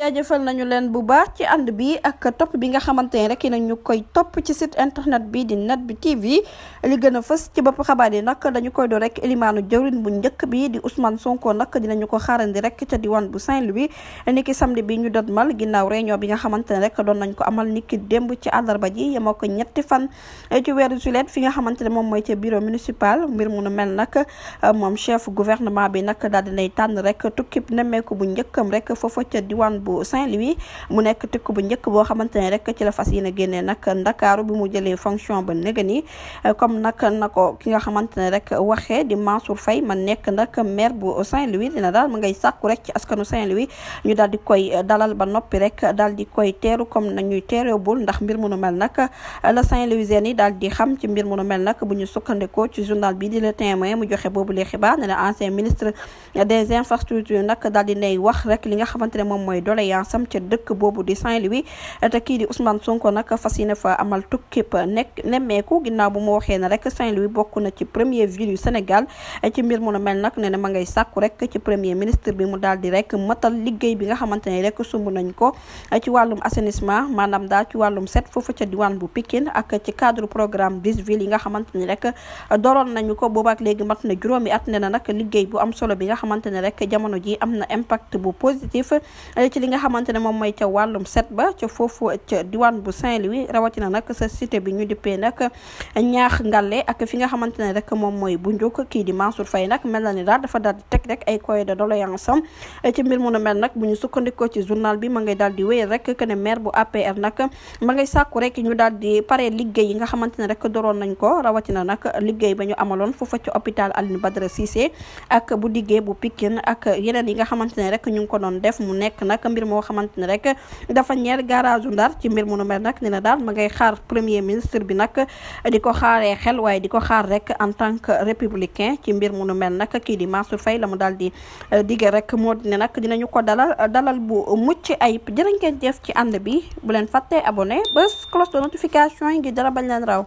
jaajëfal nañu leen bu baax ci ànd bi ak topp bi nga xamante ne rek nañu koy topp ci site internet bi di net bi tv li gën a fës ci bopp xabaar yi nag dañu koy do rek elimaanu jëwrin bu njëkk bi di Ousmane Sonko nag dinañu ko xaarandi rek ca diwaan bu Saint-Louis niki samedi bi ñu dotmal ginnaaw réunion bi nga xamante ne rek doon nañ ko amal niki démb ci àllarba ji yemoo ko ñetti fan ci weeru juillet fi nga xamante ne moom mooy ca bureau municipal mbir mu nu mel nag moom chef gouvernement bi nag daal dinay tànn rek tukkib nemmeeku bu njëkkam rek foofa ca bu Saint-Louis mu nekk tëkk bu njëkk boo xamante ne rek ci la fas yéene génnee nag ndakaaru bi mu jëlee fonction ba nega ni comme nag na ko ki nga xamante ne rek waxee di Mansour Faye man nekk nag maire bu Saint-Louis dina daal mu ngay sàkku rek ci askanu Saint-Louis ñu daal koy dalal ba noppi rek daal di koy teeru comme nañuy teereewul ndax mbir mu nu mel nag la Saint-Louisiens yi daal di xam ci mbir mu nu mel nag bu ñu sukkandikoo ci journal bi di Le Témoin mu joxe doléance am ca dëkk boobu di Saint-Louis te kii di Ousmane Sonko nag fas yéene fa amal tukkib nekk nemmeeku ginnaaw bu mu waxee ne rek Saint-Louis bokk na ci première ville mu nu mel nag ne ne ma ngay sàkku rek ci premier ministre bi mu daal di rek matal liggéey bi nga xamante rek sumb nañ ko ci wàllum assainissement maanaam daal ci wàllum set foofu ca diwaan bu Pikine ak ci cadre programme dix villes yi nga xamante ni rek doroon nañu ko boobaak léegi mat na juróomi at ne na nag liggéey bu am solo bi nga xamante ne rek jamono ji am na impact bu positif ci li nga xamante ne moom mooy ca wàllum set ba ca foofu ca diwaan bu Saint-Louis rawatina nag sa cité bi ñu dippee nag ñaax ngale ak fi nga xamante ne rek moom mooy bu njuk kii di Mansour Faye nag mel na ni daal dafa daal di teg rek ay courrier de doléance am ci mbir mu nu nag bu ñu sukkandikoo ci journal bi ma ngay daal di wéyal rek que ne maire bu APR nag ma rek ñu daal di pare liggéey yi nga xamante ne rek doroon nañ ko rawatina nag liggéey ba ñu amaloon foofa ci hôpital Aline Badara Cissé ak bu liggéey bu ak yeneen yi nga xamante ne rek ñu ngi ko doon def mbir moo xamante ne rek dafa ñeel garage Ndar ci mbir mu nu mel nag nee na daal ma ngay xaar premier ministre bi nag di ko xaaree xel waaye di ko xaar rek en tant que républicain ci mbir mu nu mel nag kii di Mansour Faye la mu daal di digge rek moo di ne nag dinañu ko dalal dalal bu mucc ayib jërë ngeen jëf ci ànd bi bu leen fàttee abonné bés cloche de notification yi ngi dara bañ leen raw